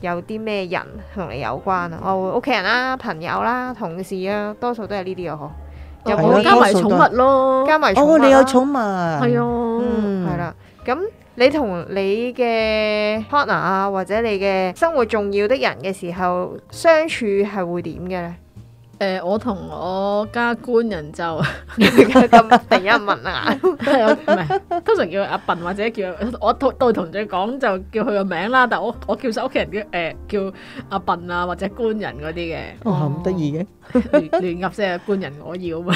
有啲咩人同你有關啊？我會屋企人啦、啊、朋友啦、啊、同事啊，多數都係呢啲啊，可又可以加埋寵物咯。加埋哦，你有寵物係啊，係啦、嗯。咁、嗯、你同你嘅 partner 啊，或者你嘅生活重要的人嘅時候相處係會點嘅咧？誒，我同我家官人就咁第一問啊 expand， 唔係通常叫阿笨或者叫我都同佢講就叫佢個名啦，但係我我叫晒屋企人嘅誒叫阿笨啊或者官人嗰啲嘅，哦咁得意嘅，亂噏聲官人我要啊，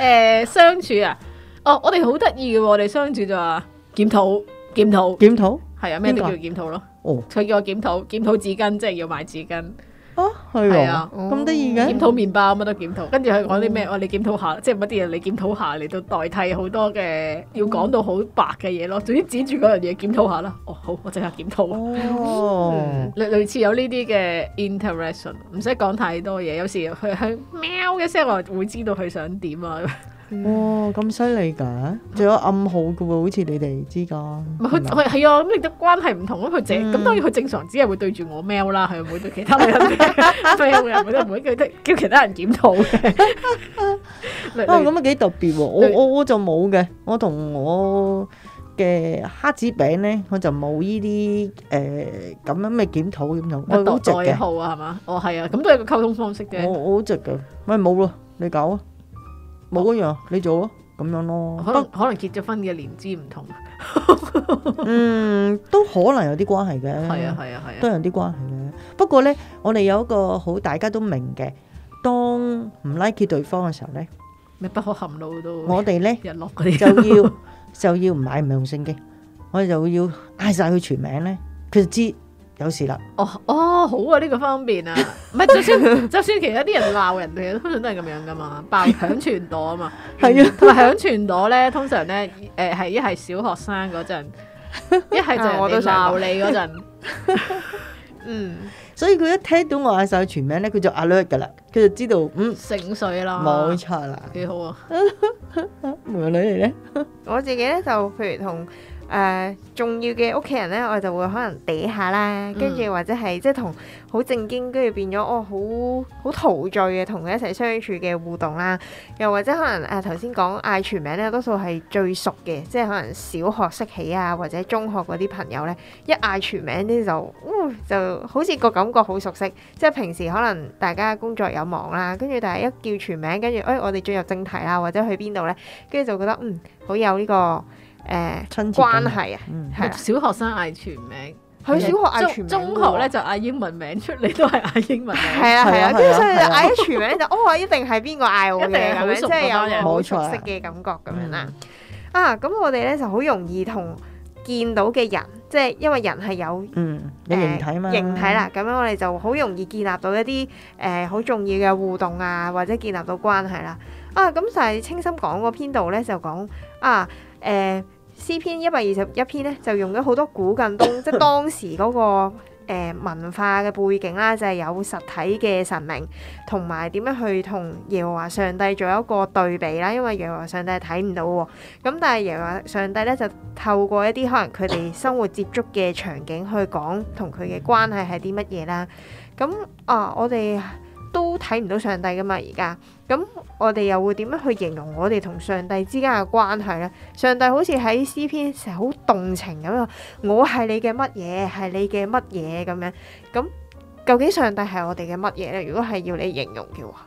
誒相處啊，哦我哋好得意嘅，我哋相處就話檢討檢討檢討，係啊咩都叫檢討咯，哦佢叫我檢討檢討紙巾即係要買紙巾。哦哦、啊，係啊、嗯，咁得意嘅檢討麵包乜都檢討，跟住佢講啲咩？我、嗯、你檢討下，即係乜啲嘢你檢討下嚟到代替好多嘅要講到好白嘅嘢咯。總之指住嗰樣嘢檢討下啦。哦，好，我即刻檢討。哦，類、 嗯、類似有呢啲嘅 interaction，唔使講太多嘢。有時佢係喵嘅聲，我會知道佢想點啊。哇，咁犀利噶，仲有暗號噶喎，好似你哋之間。唔係佢係，係啊，咁你啲關係唔同咁佢借，咁當然佢正常只係會對住我 mail 啦，係唔會對其他人咩？所以冇人冇得叫其他人檢討嘅。哦，咁啊幾特別喎！我我我就冇嘅，我同我嘅蝦子餅咧，我就冇呢啲誒咁樣咩檢討咁樣，我好直嘅。暗號啊，係嘛？哦，係啊，咁都係個溝通方式啫。我好直噶，咪冇咯，你搞啊！冇嗰樣，你做咯，咁樣咯。可能可能結咗婚嘅年資唔同，嗯，都可能有啲關係嘅。係啊，係啊，係啊，都有啲關係嘅。不過咧，我哋有一個好大家都明嘅，當唔 like 對方嘅時候咧，你不可含怒到。我哋咧日落嗰啲就要就要唔買唔係用手機，我哋就要嗌晒佢全名咧，佢就知。有事啦！哦哦，好田啊中文，呢個方便啊，唔係就算就算，其他啲人鬧人哋，通常都係咁樣噶嘛，爆響傳朵啊嘛，係啊，同埋響傳朵咧，通常咧，誒係一係小學生嗰陣，一係就我鬧你嗰陣，嗯，所以佢一聽到我嗌晒全名咧，佢就阿略噶啦，佢就知道嗯，醒水啦，冇錯啦，幾好啊，唔女嚟咧，我自己咧就譬如同。誒、uh, 重要嘅屋企人咧，我就會可能嗲下啦，跟住、嗯、或者係即係同好正經，跟住變咗哦，好好陶醉嘅同佢一齊相處嘅互動啦。又或者可能誒頭先講嗌全名咧，多數係最熟嘅，即係可能小學識起啊，或者中學嗰啲朋友咧，一嗌全名咧就、嗯，就好似個感覺好熟悉。即係平時可能大家工作有忙啦，跟住但係一叫全名，跟住誒我哋進入正題啦，或者去邊度咧，跟住就覺得嗯好有呢、這個。誒，親切關係啊！小學生嗌全名，佢小學嗌全名，中學咧就嗌英文名出嚟，都係嗌英文名。係啊係啊，跟住所以嗌一全名就哦一定係邊個嗌我嘅咁樣，即係有好熟悉嘅感覺咁樣啦。啊，咁我哋咧就好容易同見到嘅人，即係因為人係有嗯誒形體嘛，形體啦，咁樣我哋就好容易建立到一啲誒好重要嘅互動啊，或者建立到關係啦。啊，咁就係清心講個篇度咧，就講啊。誒，詩篇一百二十一篇咧，就用咗好多古近東 即當時嗰、那個誒、呃、文化嘅背景啦，就係、是、有實體嘅神明，同埋點樣去同耶和華上帝做一個對比啦。因為耶和華上帝係睇唔到喎，咁、嗯、但係耶和華上帝咧就透過一啲可能佢哋生活接觸嘅場景去講同佢嘅關係係啲乜嘢啦。咁、嗯、啊，我哋。都睇唔到上帝噶嘛而家，咁我哋又會點樣去形容我哋同上帝之間嘅關係呢？上帝好似喺詩篇成日好動情咁樣，我係你嘅乜嘢？係你嘅乜嘢咁樣？咁究竟上帝係我哋嘅乜嘢呢？如果係要你形容嘅話，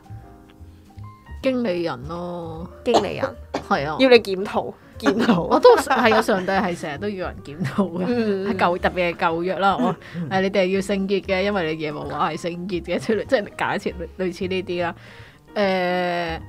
經理人咯、啊，經理人係 啊，要你檢討。 我都係個上帝，係成日都要人檢討嘅。係、 嗯、特別係舊約啦，我誒、 哎、你哋係要聖潔嘅，因為你耶和華係聖潔嘅之類，即係假設類似呢啲啦。誒、呃，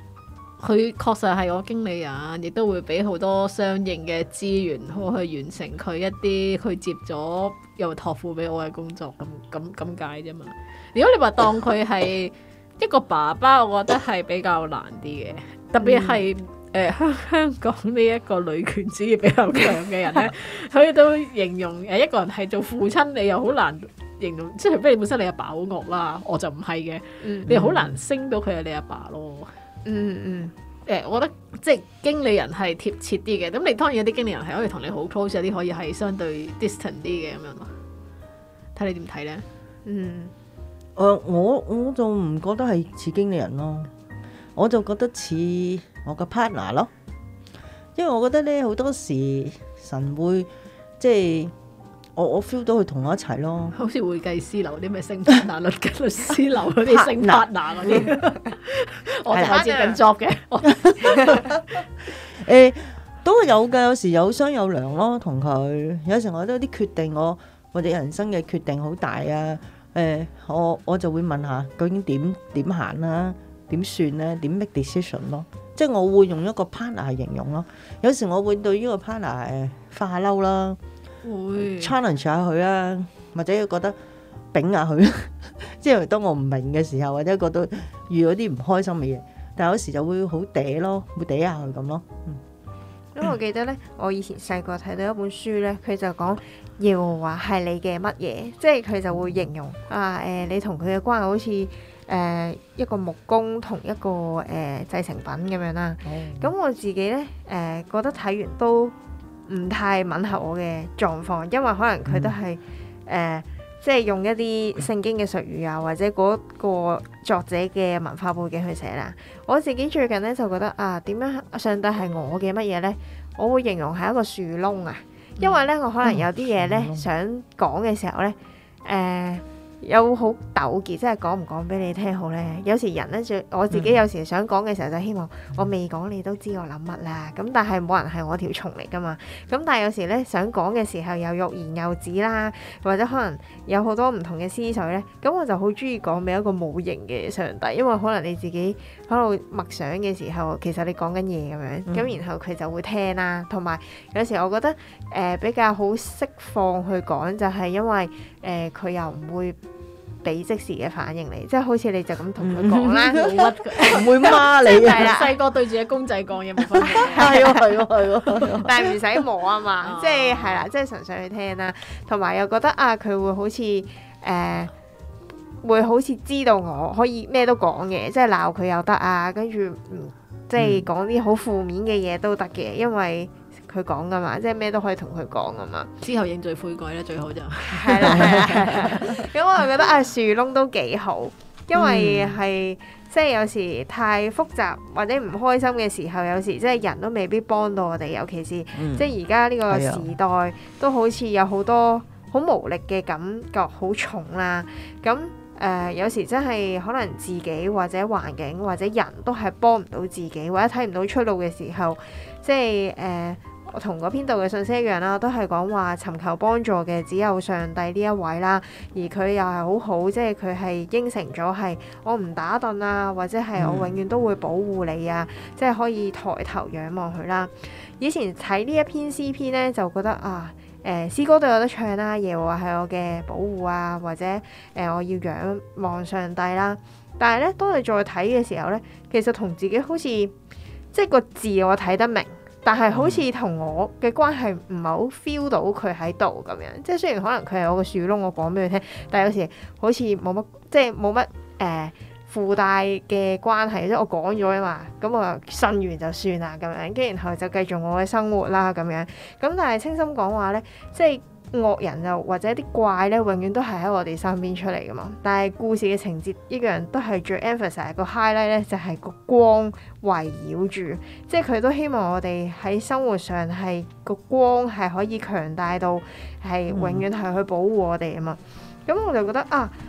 佢確實係我經理人，亦都會俾好多相應嘅資源，去完成佢一啲佢接咗又託付俾我嘅工作咁咁咁解啫嘛。如果你話當佢係一個爸爸，我覺得係比較難啲嘅，特別係、嗯。誒、呃，香香港呢一個女權主義比較強嘅人咧，所以 都形容誒，一個人係做父親，你又好難形容，即係除非你本身你阿爸好惡啦，我就唔係嘅，嗯、你好難升到佢係你阿爸咯。嗯嗯，誒、嗯欸，我覺得即係經理人係貼切啲嘅，咁你當然有啲經理人係可以同你好 close，有啲可以係相對 distant 啲嘅咁樣咯。睇你點睇咧？嗯，誒、呃，我我就唔覺得係似經理人咯，我就覺得似。我個 partner 咯，因為我覺得咧，好多時神會即係我我 feel 到佢同我一齊咯。好似會計師樓啲咩升 partner，律嘅律師樓嗰啲，升 partner 嗰啲，我好似咁作嘅。誒，都係有㗎，有時有商有量咯。同佢有時我覺得有啲決定，我哋人生嘅決定好大啊。誒、哎，我我就會問下，究竟點點行啦？點算咧？點 make decision 咯？即係我會用一個 partner 嚟形容咯。有時我會對呢個 partner 誒化嬲啦會，challenge 下佢啦、啊，或者覺得頂下佢。 即係當我唔明嘅時候，或者覺得遇到啲唔開心嘅嘢，但係有時就會好嗲咯，會嗲下佢咁咯。咁、嗯、我記得咧，我以前細個睇到一本書咧，佢就講耶和華係你嘅乜嘢？即係佢就會形容啊誒、呃，你同佢嘅關係好似。誒、呃、一個木工同一個誒、呃、製成品咁樣啦。咁、oh. 我自己呢，誒、呃、覺得睇完都唔太吻合我嘅狀況，因為可能佢都係誒、mm. 呃、即係用一啲聖經嘅術語啊，或者嗰個作者嘅文化背景去寫啦。我自己最近呢，就覺得啊，點樣上帝係我嘅乜嘢呢？我會形容係一個樹窿啊，因為呢，我可能有啲嘢呢，mm. 想講嘅時候呢。誒、呃。有好糾結，即係講唔講俾你聽好呢？有時人呢，最我自己有時想講嘅時候就希望我未講你都知我諗乜啦。咁但係冇人係我條蟲嚟噶嘛。咁但係有時呢，想講嘅時候又欲言又止啦，或者可能有好多唔同嘅思緒呢。咁我就好中意講俾一個無形嘅上帝，因為可能你自己喺度默想嘅時候，其實你講緊嘢咁樣。咁、嗯、然後佢就會聽啦。同埋有，有時我覺得誒、呃、比較好釋放去講，就係因為誒佢、呃、又唔會。俾即時嘅反應嚟，即係好似你就咁同佢講啦，冇乜唔會罵 了你嘅。細個對住個公仔講嘢冇分別，係喎係喎係喎， 但係唔使摸啊嘛，即係係啦，即係純粹去聽啦，同埋又覺得啊，佢會好似誒會好似知道我可以咩都講嘅，即係鬧佢又得啊，跟住、嗯、即係講啲好負面嘅嘢都得嘅，因為。佢講噶嘛，即係咩都可以同佢講噶嘛。之後認罪悔改咧，最好就係啦。咁 我係覺得啊，樹窿都幾好，因為係、嗯、即係有時太複雜或者唔開心嘅時候，有時即係人都未必幫到我哋，尤其是即係而家呢個時代、嗯、 都好似有好多好無力嘅感覺，好重啦。咁誒、呃、有時真係可能自己或者環境或者人都係幫唔到自己，或者睇唔到出路嘅時候，即係誒。呃我同嗰篇道嘅信息一樣啦、啊，都係講話尋求幫助嘅只有上帝呢一位啦，而佢又係好好，即係佢係應承咗係我唔打盹啊，或者係我永遠都會保護你啊，即係可以抬頭仰望佢啦。以前睇呢一篇詩篇呢，就覺得啊，誒詩歌都有得唱啦、啊，耶和華係我嘅保護啊，或者誒、呃、我要仰望上帝啦。但係呢，當你再睇嘅時候呢，其實同自己好似即係個字我睇得明。但係好似同我嘅關係唔係好 feel 到佢喺度咁樣，即係雖然可能佢係我嘅樹窿，我講俾佢聽，但係有時好似冇乜，即係冇乜誒附帶嘅關係，即係我講咗啊嘛，咁啊信完就算啦咁樣，跟然後就繼續我嘅生活啦咁樣，咁但係清心講話咧，即係。惡人又或者啲怪呢，永遠都係喺我哋身邊出嚟噶嘛。但係故事嘅情節一樣都係最 emphasize、個 highlight 呢，就係個光圍繞住，即係佢都希望我哋喺生活上係個光係可以強大到係永遠係去保護我哋啊嘛。咁我就覺得啊～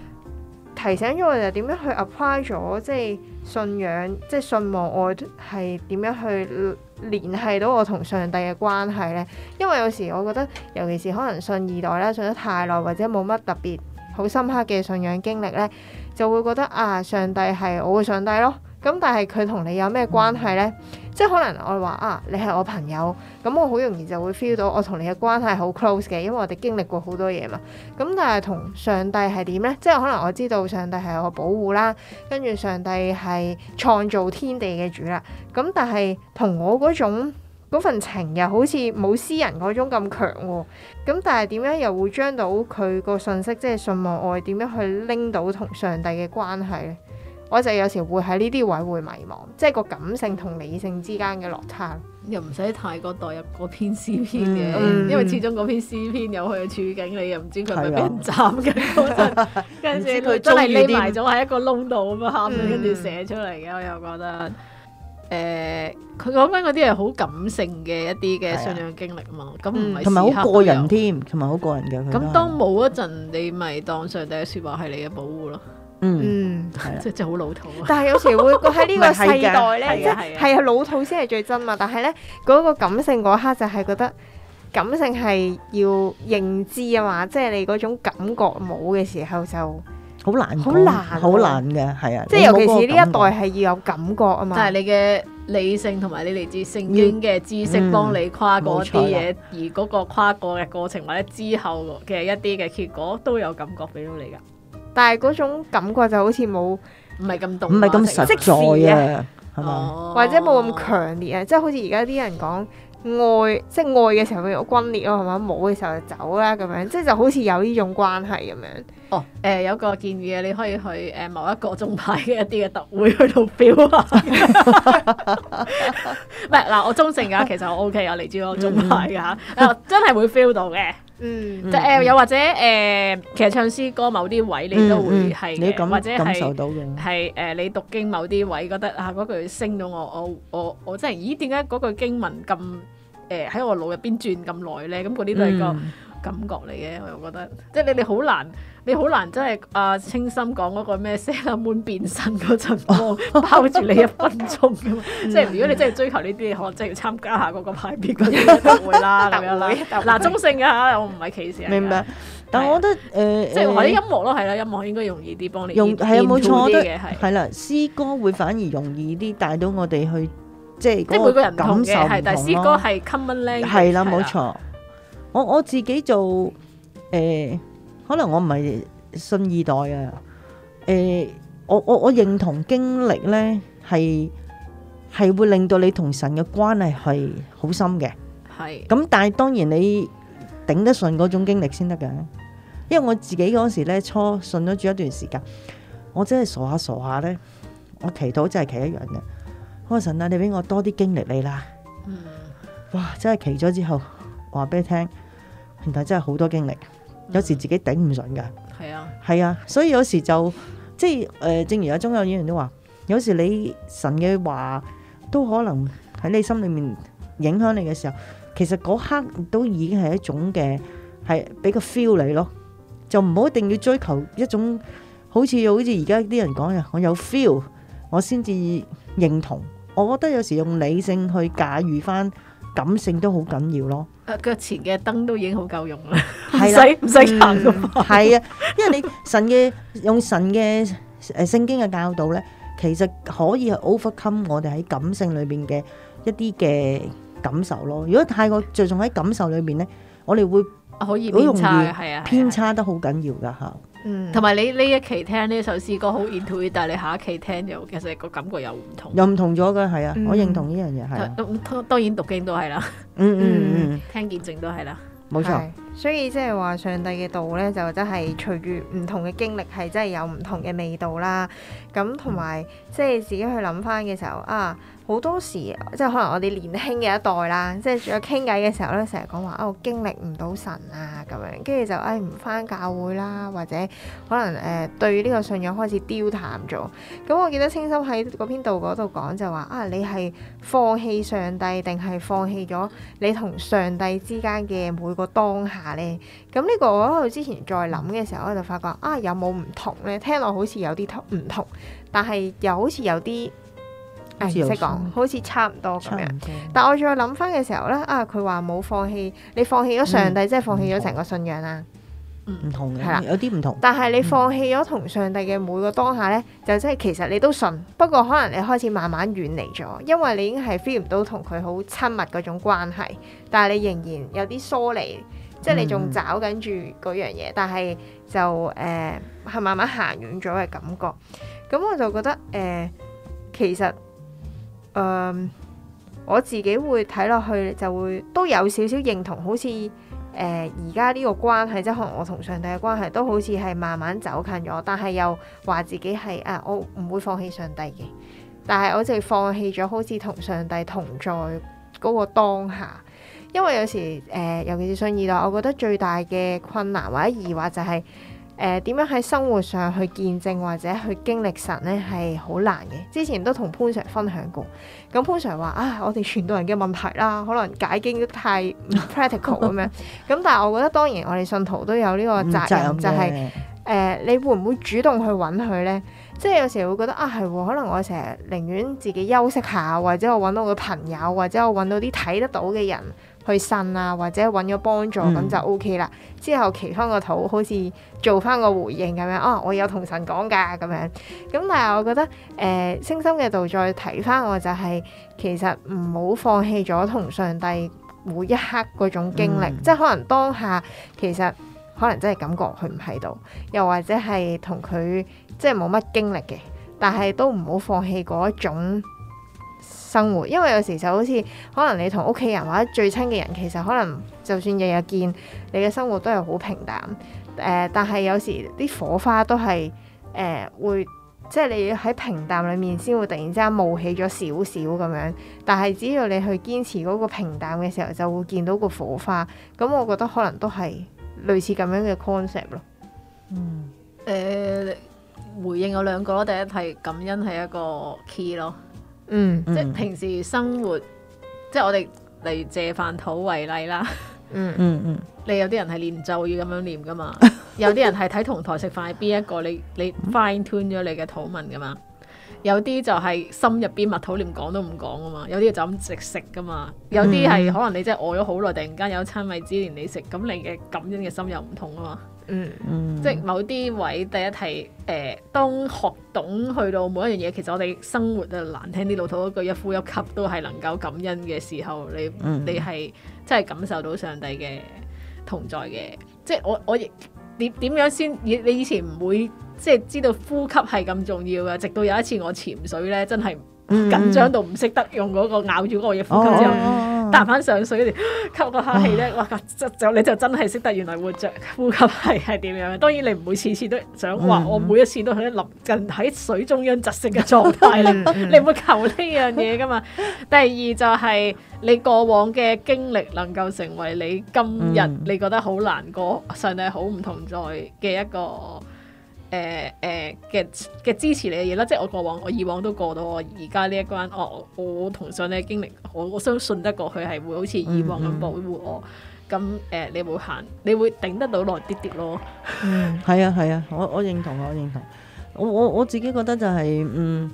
提醒咗我哋點樣去 apply 咗即係信仰，即係信望我係點樣去聯繫到我同上帝嘅關係咧？因為有時我覺得，尤其是可能信二代啦，信得太耐或者冇乜特別好深刻嘅信仰經歷咧，就會覺得啊，上帝係我嘅上帝咯。咁但係佢同你有咩關係咧？即係可能我話啊，你係我朋友，咁我好容易就會 feel 到我同你嘅關係好 close 嘅，因為我哋經歷過好多嘢嘛。咁但係同上帝係點呢？即係可能我知道上帝係我保護啦，跟住上帝係創造天地嘅主啦。咁但係同我嗰種嗰份情又好似冇私人嗰種咁強喎。咁但係點樣又會將到佢個信息，即係信望愛點樣去拎到同上帝嘅關係呢？我就有時會喺呢啲位會迷茫，即係個感性同理性之間嘅落差。又唔使太過代入嗰篇詩篇嘅，因為始終嗰篇詩篇有佢嘅處境，你又唔知佢係咪俾人斬嘅。跟住佢真係匿埋咗喺一個窿度咁樣跟住寫出嚟嘅，我又覺得，誒，佢講緊嗰啲係好感性嘅一啲嘅信仰經歷啊嘛，咁唔係同埋好個人添，同埋好個人噶。咁當冇一陣，你咪當上帝嘅說話係你嘅保護咯。嗯。即係好老土、啊。但係有時會覺喺呢個世代咧，即係啊老土先係最真嘛。但係咧嗰個感性嗰刻就係覺得，感性係要認知啊嘛，即、就、係、是、你嗰種感覺冇嘅時候就好難，好難，好難嘅係啊。即係尤其是呢一代係要有感覺啊嘛。但係你嘅理性同埋你理智性嘅知識幫你跨過啲嘢， 嗯啊、而嗰個跨過嘅過程或者之後嘅一啲嘅結果都有感覺俾到你噶。但係嗰種感覺就好似冇，唔係咁動，唔係咁實在啊，係嘛、啊？或者冇咁強烈啊，哦、即係好似而家啲人講愛，即、就、係、是、愛嘅時候譬如我轟烈咯，係嘛？冇嘅時候就走啦、啊，咁樣即係就好似有呢種關係咁樣。哦、呃，誒有個建議啊，你可以去誒某一個宗派嘅一啲嘅特會去度 feel 啊，唔係嗱，我忠誠㗎，其實我 OK 我、嗯、啊，嚟知我宗派㗎真係會 feel 到嘅。嗯，即係誒，又、呃嗯、或者誒、呃，其實唱詩歌某啲位你都會係，嗯嗯、或者感受到嘅，係誒、呃，你讀經某啲位覺得啊，嗰句升到我，我我我真係，咦，點解嗰句經文咁誒喺我腦入邊轉咁耐咧？咁嗰啲都係個。嗯感覺嚟嘅，我又覺得，即係你哋好難，你好難真係阿清心講嗰個咩《Seven Man》變身嗰陣光包住你一分鐘咁，即係如果你真係追求呢啲，可能真係要參加下嗰個派別嗰啲都會啦。嗱，中性嘅，我唔係歧視，明唔明，但我覺得，誒，即係或者音樂咯，係啦，音樂應該容易啲幫你，用係啊，冇錯，我覺得係。係啦，詩歌會反而容易啲帶到我哋去，即係即係每個人感受唔同咯。係啦，冇錯。我我自己做誒、呃，可能我唔係信二代啊。誒、呃，我我我認同經歷咧，係係會令到你同神嘅關係係好深嘅。係是。咁但係當然你頂得順嗰種經歷先得㗎。因為我自己嗰時咧，初信咗住一段時間，我真係傻下傻下咧，我祈禱真係祈一樣嘅。我神啊，你俾我多啲經歷你啦。哇，真係祈咗之後，話俾你聽。其實真係好多經歷，嗯、有時自己頂唔順嘅，係啊，係啊，所以有時就即係誒、呃，正如阿宗教演員都話，有時你神嘅話都可能喺你心裏面影響你嘅時候，其實嗰刻都已經係一種嘅係俾個 feel 你咯，就唔好一定要追求一種好似好似而家啲人講嘅，我有 feel 我先至認同。我覺得有時用理性去駕馭翻。感性都好緊要咯。誒，腳前嘅燈都已經好夠用啦，唔使唔使行。係啊，因為你神嘅 用神嘅誒、呃、聖經嘅教導咧，其實可以係 overcome 我哋喺感性裏邊嘅一啲嘅感受咯。如果太過着重喺感受裏邊咧，我哋會，好易偏差，係啊，啊啊偏差得好緊要噶吓、嗯啊。嗯，同埋你呢一期聽呢首詩歌好 intuitive 但係下一期聽就其實個感覺又唔同，又唔同咗嘅。係啊，嗯、我認同呢樣嘢係。當然讀經都係啦。嗯嗯嗯，嗯嗯嗯聽見證都係啦。冇錯錯。所以即係話上帝嘅道咧，就真係隨住唔同嘅經歷，係真係有唔同嘅味道啦。咁同埋即係自己去諗翻嘅時候啊。好多時即係可能我哋年輕嘅一代啦，即係仲有傾偈嘅時候咧，成日講話啊我經歷唔到神啊咁樣，跟住就誒唔返教會啦，或者可能誒、呃、對呢個信仰開始丟淡咗。咁我記得清心喺嗰篇道嗰度講就話啊，你係放棄上帝定係放棄咗你同上帝之間嘅每個當下呢？」咁呢個我喺度之前再諗嘅時候，我就發覺啊有冇唔同呢？聽落好似有啲唔同，但係又好似有啲。誒，唔識講，好似差唔多咁樣。但係我再諗翻嘅時候咧，啊，佢話冇放棄，你放棄咗上帝，嗯、即係放棄咗成個信仰啦。唔、嗯、同嘅係啦，啊、有啲唔同。但係你放棄咗同上帝嘅每個當下咧，就即係其實你都信，嗯、不過可能你開始慢慢遠離咗，因為你已經係 feel 唔到同佢好親密嗰種關係。但係你仍然有啲疏離，嗯、即係你仲找緊住嗰樣嘢，但係就誒係、呃、慢慢行遠咗嘅感覺。咁我就覺得誒、呃，其實。誒，um, 我自己會睇落去就會都有少少認同，好似誒而家呢個關係即係可能我同上帝嘅關係都好似係慢慢走近咗，但係又話自己係啊，我唔會放棄上帝嘅，但係我淨係放棄咗好似同上帝同在嗰個當下，因為有時誒、呃，尤其是信二代，我覺得最大嘅困難或者疑惑就係、是。誒點、呃、樣喺生活上去見證或者去經歷神咧係好難嘅。之前都同潘 sir 分享過，咁潘 sir 話啊、哎，我哋傳道人嘅問題啦，可能解經都太 practical 咁 樣。咁但係我覺得當然我哋信徒都有呢個責任、就是，就係誒你會唔會主動去揾佢咧？即係有時會覺得啊係，可能我成日寧願自己休息下，或者我揾到我嘅朋友，或者我揾到啲睇得到嘅人。去信啊，或者揾咗幫助，咁就 OK 啦。嗯、之後，祈翻個禱好似做翻個回應咁樣，哦、啊，我有同神講㗎咁樣。咁但係我覺得，誒、呃，星心嘅度再睇翻，我就係、是、其實唔好放棄咗同上帝每一刻嗰種經歷。嗯、即係可能當下其實可能真係感覺佢唔喺度，又或者係同佢即係冇乜經歷嘅，但係都唔好放棄嗰一種生活，因為有時就好似可能你同屋企人或者最親嘅人，其實可能就算日日見，你嘅生活都係好平淡。誒、呃，但係有時啲火花都係誒、呃、會，即、就、係、是、你喺平淡裏面先會突然之間冒起咗少少咁樣。但係只要你去堅持嗰個平淡嘅時候，就會見到個火花。咁我覺得可能都係類似咁樣嘅 concept 咯。嗯，誒、呃、回應我兩個咯，第一係感恩係一個 key 咯。嗯，嗯，即係平時生活，即係我哋嚟，借飯禱為例啦。嗯嗯嗯，嗯你有啲人係念咒語咁樣念噶嘛， 嘛？有啲人係睇同台食飯係邊一個，你你 fine tune 咗你嘅禱文噶嘛？有啲就係心入邊默禱，連講都唔講噶嘛。有啲就咁食食噶嘛。有啲係可能你真係餓咗好耐，突然間有餐米芝蓮你食，咁你嘅感恩嘅心又唔同啊嘛。嗯，即係某啲位第一題，誒、呃，當學懂去到每一樣嘢，其實我哋生活啊，難聽啲老土嗰句，一呼一吸都係能夠感恩嘅時候，你、嗯、你係真係感受到上帝嘅同在嘅。即係我我亦點點樣先？以你以前唔會即係知道呼吸係咁重要嘅，直到有一次我潛水咧，真係緊張到唔識得用嗰個咬住嗰個嘢呼吸。之彈翻上水，吸個嚇氣咧，啊、哇！就咗，你就真係識得原來活着呼吸係係點樣。當然你唔會次次都想話、嗯嗯，我每一次都喺臨近喺水中央窒息嘅狀態啦。嗯嗯，你唔會求呢樣嘢噶嘛。嗯嗯，第二就係、是、你過往嘅經歷能夠成為你今日你覺得好難過、上帝好唔同在嘅一個。誒誒嘅嘅支持你嘅嘢啦，即係我過往我以往都過到我而家呢一關，哦，我同上帝嘅經歷，我我相信得過去係會好似以往咁保護我，咁誒、嗯嗯呃，你會行，你會頂得到耐啲啲咯、嗯。係啊係啊，我我認同啊，我認同。我我我自己覺得就係、是，嗯，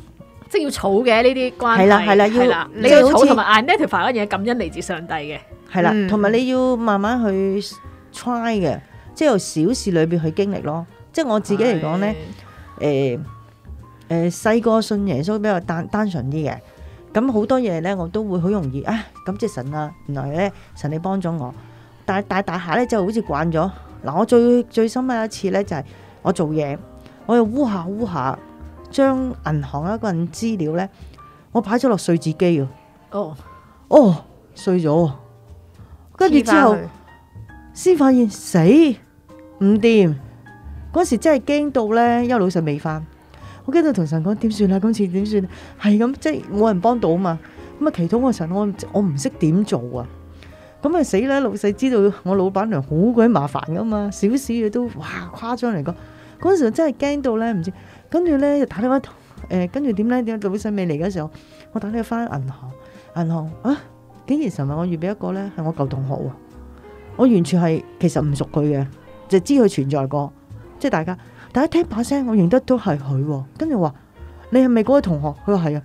即係要儲嘅呢啲關係，係啦係啦，啊啊、要你要儲同埋啊 n a t i v 嘢感恩嚟自上帝嘅，係啦、啊，同埋你要慢慢去 try 嘅，即、就、係、是、由小事裏邊去經歷咯。嗯即係我自己嚟講呢，誒誒是，細個、欸呃、信耶穌比較單單純啲嘅，咁好多嘢呢我都會好容易啊。感謝神啊，原來呢，神你幫咗我，但係大大下呢就好似慣咗嗱。我最最深刻一次呢就係我做嘢，我又烏下烏下，將銀行一個人資料呢，我擺咗落碎紙機哦哦，碎咗，跟住之後先發現死唔掂。嗰時真係驚到咧，因為老細未翻，我驚到同神講點算啊？今次點算係咁，即係冇人幫到啊嘛。咁啊，祈禱我神，我我唔識點做啊。咁啊，死啦！老細知道我老闆娘好鬼麻煩噶嘛，少少嘢都哇誇張嚟講。嗰陣時真係驚到咧，唔知跟住咧又打電話誒、呃，跟住點咧？點解老細未嚟嘅時候，我打電話翻銀行，銀行啊，竟然神話我預備一個咧，係我舊同學喎。我完全係其實唔熟佢嘅，就知佢存在過。即係大家，大家聽把聲，我認得都係佢、哦。跟住話你係咪嗰位同學？佢話係啊，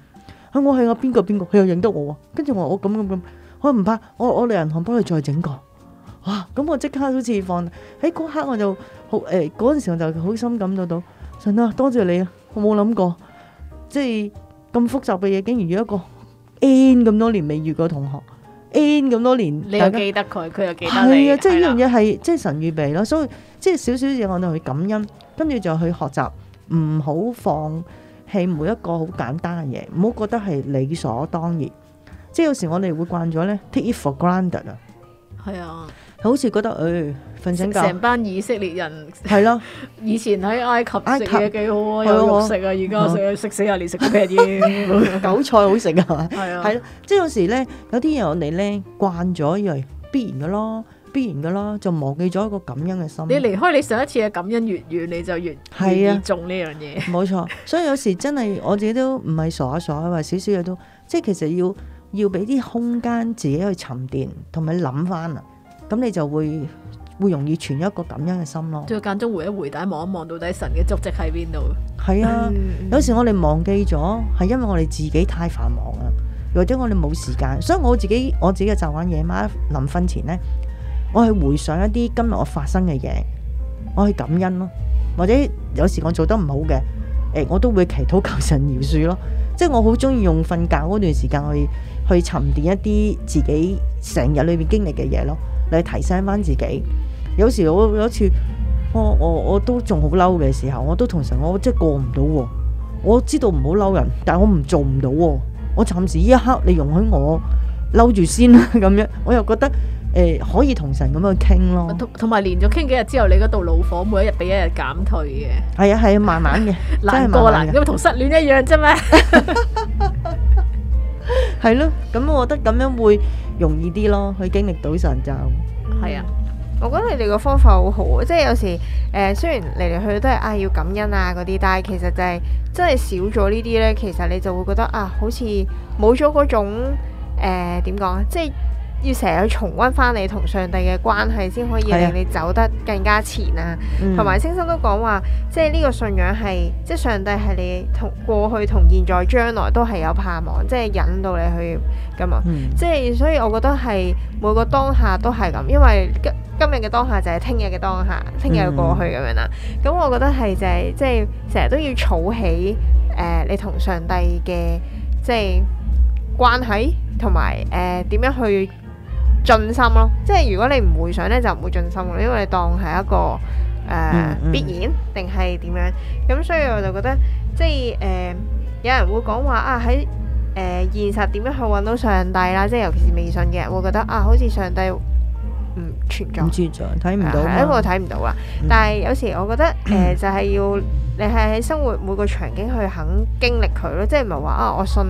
我係我邊個邊個，佢又認得我。跟住我話我咁咁咁，我唔怕，我我嚟銀行幫你再整個。哇！咁我即刻好似放喺嗰、欸、刻，我就好誒嗰陣時候就好心、欸欸、感受到，信啦、啊、多謝你啊！我冇諗過即係咁複雜嘅嘢，竟然要一個 n 咁多年未遇過嘅同學。n 咁多年，你又記得佢，佢又記得你。係啊，係啊，即係呢樣嘢係即係神預備咯，所以即係少少嘢，我哋去感恩，跟住就去學習，唔好放棄每一個好簡單嘅嘢，唔好覺得係理所當然。即係有時我哋會慣咗咧，take it for granted 啊。係啊。好似覺得誒，瞓醒覺成班以色列人係咯。以前喺埃及食嘢幾好啊，有肉食啊，而家食食死啊，你食咩添？韭菜好食啊，係啊，係咯，即係有時咧，有啲嘢我哋咧慣咗，以為必然噶咯，必然噶咯,就忘記咗一個感恩嘅心。你離開你上一次嘅感恩越遠，你就越越中呢樣嘢。冇錯，所以有時真係我自己都唔係傻一傻，因為少少嘢都即係其實要要俾啲空間自己去沉澱，同埋諗翻啊。咁你就會會容易存一個咁樣嘅心咯。喺間中回一回，但望一望到底神嘅足跡喺邊度？係啊， 有時我哋忘記咗，係因為我哋自己太繁忙啊，或者我哋冇時間。所以我自己我自己嘅習慣，夜晚臨瞓前呢，我係回想一啲今日我發生嘅嘢，我去感恩咯，或者有時我做得唔好嘅，誒、欸、我都會祈禱求神饒恕咯。即係我好中意用瞓覺嗰段時間去去沉澱一啲自己成日裏面經歷嘅嘢咯。你提醒翻自己，有時我有一次，我我我都仲好嬲嘅時候，我都同神，我即係過唔到，我知道唔好嬲人，但係我唔做唔到，我暫時呢一刻，你容許我嬲住先啦，咁樣，樣我又覺得誒、呃、可以同神咁去傾咯，同埋連咗傾幾日之後，你嗰度怒火每一日比一日減退嘅，係啊，係啊，慢慢嘅，真係過難，因為同失戀一樣啫嘛，係 咯，咁我覺得咁樣會。容易啲咯，去經歷到神就係、嗯、 啊！我覺得你哋個方法好好，即係有時誒、呃，雖然嚟嚟去去都係啊要感恩啊嗰啲，但係其實就係、係、真係少咗呢啲呢。其實你就會覺得啊，好似冇咗嗰種誒點講，即係。要成日去重溫翻你同上帝嘅關係，先可以令你走得更加前啊！同埋、嗯，星星都講話，即係呢個信仰係，即係上帝係你同過去、同現在、將來都係有盼望，即係引導你去嘅嘛。嗯、即係所以，我覺得係每個當下都係咁，因為今今日嘅當下就係聽日嘅當下，聽日嘅過去咁樣啦。咁、嗯、我覺得係就係、是、即係成日都要儲起誒、呃、你同上帝嘅即係關係，同埋誒點樣去。盡心咯，即係如果你唔會想呢，就唔會盡心嘅，因為你當係一個誒、呃嗯嗯、必然定係點樣咁，所以我就覺得即係誒、呃、有人會講話啊喺誒、呃、現實點樣去揾到上帝啦，即係尤其是未信嘅人會覺得啊，好似上帝。唔存在，睇唔在、啊、到，我睇唔到啊！到嗯、但係有時我覺得誒、呃、就係、是、要你係喺生活每個場景去肯經歷佢咯，即係唔係話啊我信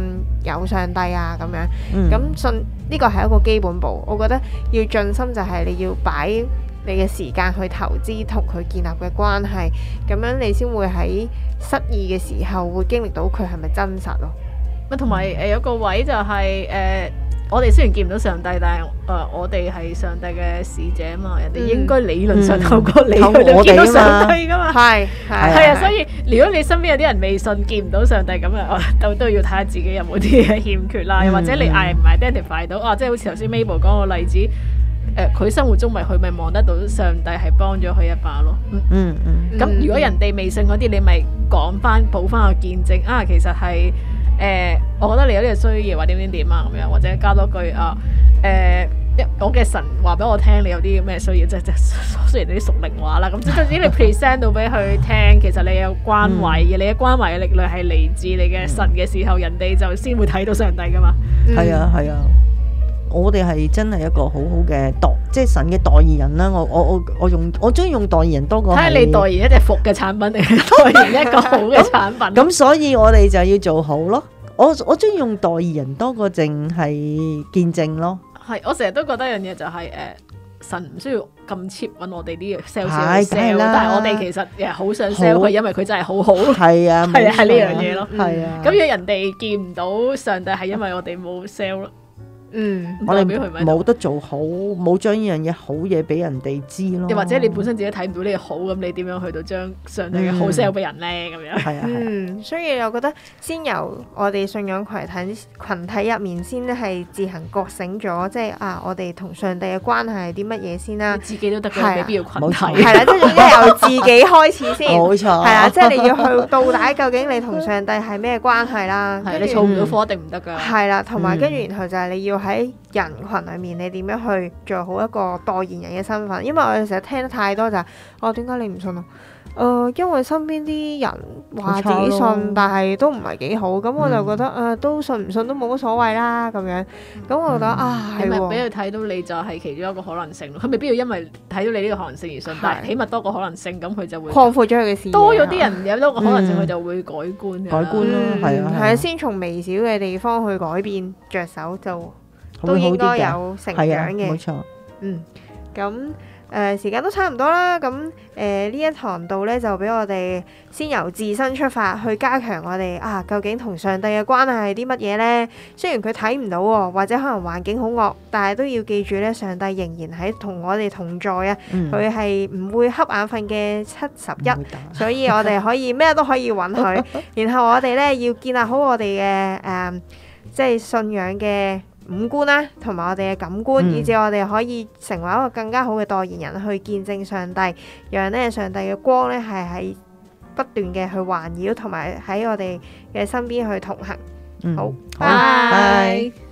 有上帝啊咁樣，咁、嗯、信呢個係一個基本步。我覺得要盡心就係你要擺你嘅時間去投資同佢建立嘅關係，咁樣你先會喺失意嘅時候會經歷到佢係咪真實咯。同埋誒有個位就係、是、誒。呃我哋雖然見唔到上帝，但係誒、呃，我哋係上帝嘅使者啊嘛，人哋應該理論上透過你我、mm, 嗯、見到上帝噶嘛，係係啊，所以如果你身邊有啲人未信，見唔到上帝咁啊，都都要睇下自己有冇啲嘢欠缺啦，或者你挨唔挨 identify 到、mm, 啊，即係好似頭先 Mabel 講個例子，誒、呃，佢生活中咪佢咪望得到上帝係幫咗佢一把咯，嗯嗯，咁如果人哋未信嗰啲，你咪講翻補翻個見證啊，其實係。誒、呃，我覺得你有啲嘅需要，或點點點啊咁樣，或者加多句啊，誒、呃，一我嘅神話俾我聽，你有啲咩需要？即係即係雖然你啲屬靈話啦，咁即係你 present 到俾佢聽，其實你有關懷嘅，嗯、你嘅關懷嘅力量係嚟自你嘅神嘅時候，人哋就先會睇到上帝㗎嘛。係、嗯、啊，係啊。我哋係真係一個好好嘅代，即係神嘅代言人啦。我我我我用我中意用代言人多過睇你代言一隻服嘅產品定係代言一個好嘅產品。咁所以我哋就要做好咯。我我中意用代言人多過淨係見證咯。係我成日都覺得一樣嘢就係誒，神唔需要咁 cheap 揾我哋啲 sales 去 sell，但係我哋其實誒好想 sell 係因為佢真係好好。係啊，係啊，係呢樣嘢咯。係啊，咁若人哋見唔到上帝係因為我哋冇 sell 咯。嗯，我哋冇得做好，冇將呢樣嘢好嘢俾人哋知咯。又或者你本身自己睇唔到呢嘢好，咁你點樣去到將上帝嘅好 share 俾人咧？咁樣，係啊，嗯，所以我覺得先由我哋信仰群體群體入面先係自行覺醒咗，即係啊，我哋同上帝嘅關係係啲乜嘢先啦？自己都得嘅必要群體，係啦，即係總之由自己開始先，冇錯，係啊，即係你要去到底究竟你同上帝係咩關係啦？係你措唔到火定唔得噶？係啦，同埋跟住然後就係你要。喺人群裏面，你點樣去做好一個代言人嘅身份？因為我哋成日聽得太多就係，哦，點解你唔信啊？誒，因為身邊啲人話自己信，但係都唔係幾好，咁我就覺得誒，都信唔信都冇乜所謂啦咁樣。咁我覺得啊，係咪俾佢睇到你就係其中一個可能性，佢未必要因為睇到你呢個可能性而信，但係起碼多個可能性，咁佢就會擴闊咗佢嘅視野。多咗啲人有多個可能性，佢就會改觀。改觀咯，係啊，係啊，先從微小嘅地方去改變着手就。都應該有成長嘅，冇、啊、錯。嗯，咁誒、呃、時間都差唔多啦。咁誒呢一堂道咧，就俾我哋先由自身出發去加強我哋啊。究竟同上帝嘅關係係啲乜嘢咧？雖然佢睇唔到、哦，或者可能環境好惡，但係都要記住咧，上帝仍然喺同我哋同在啊。佢係唔會瞌眼瞓嘅七十一，會所以我哋可以咩 都可以搵佢。 然後我哋咧要建立好我哋嘅誒，即係信仰嘅。五官啦，同埋我哋嘅感官，嗯、以至我哋可以成為一個更加好嘅代言人去見證上帝，讓呢上帝嘅光呢，係喺不斷嘅去環繞，同埋喺我哋嘅身邊去同行。嗯、好，拜拜。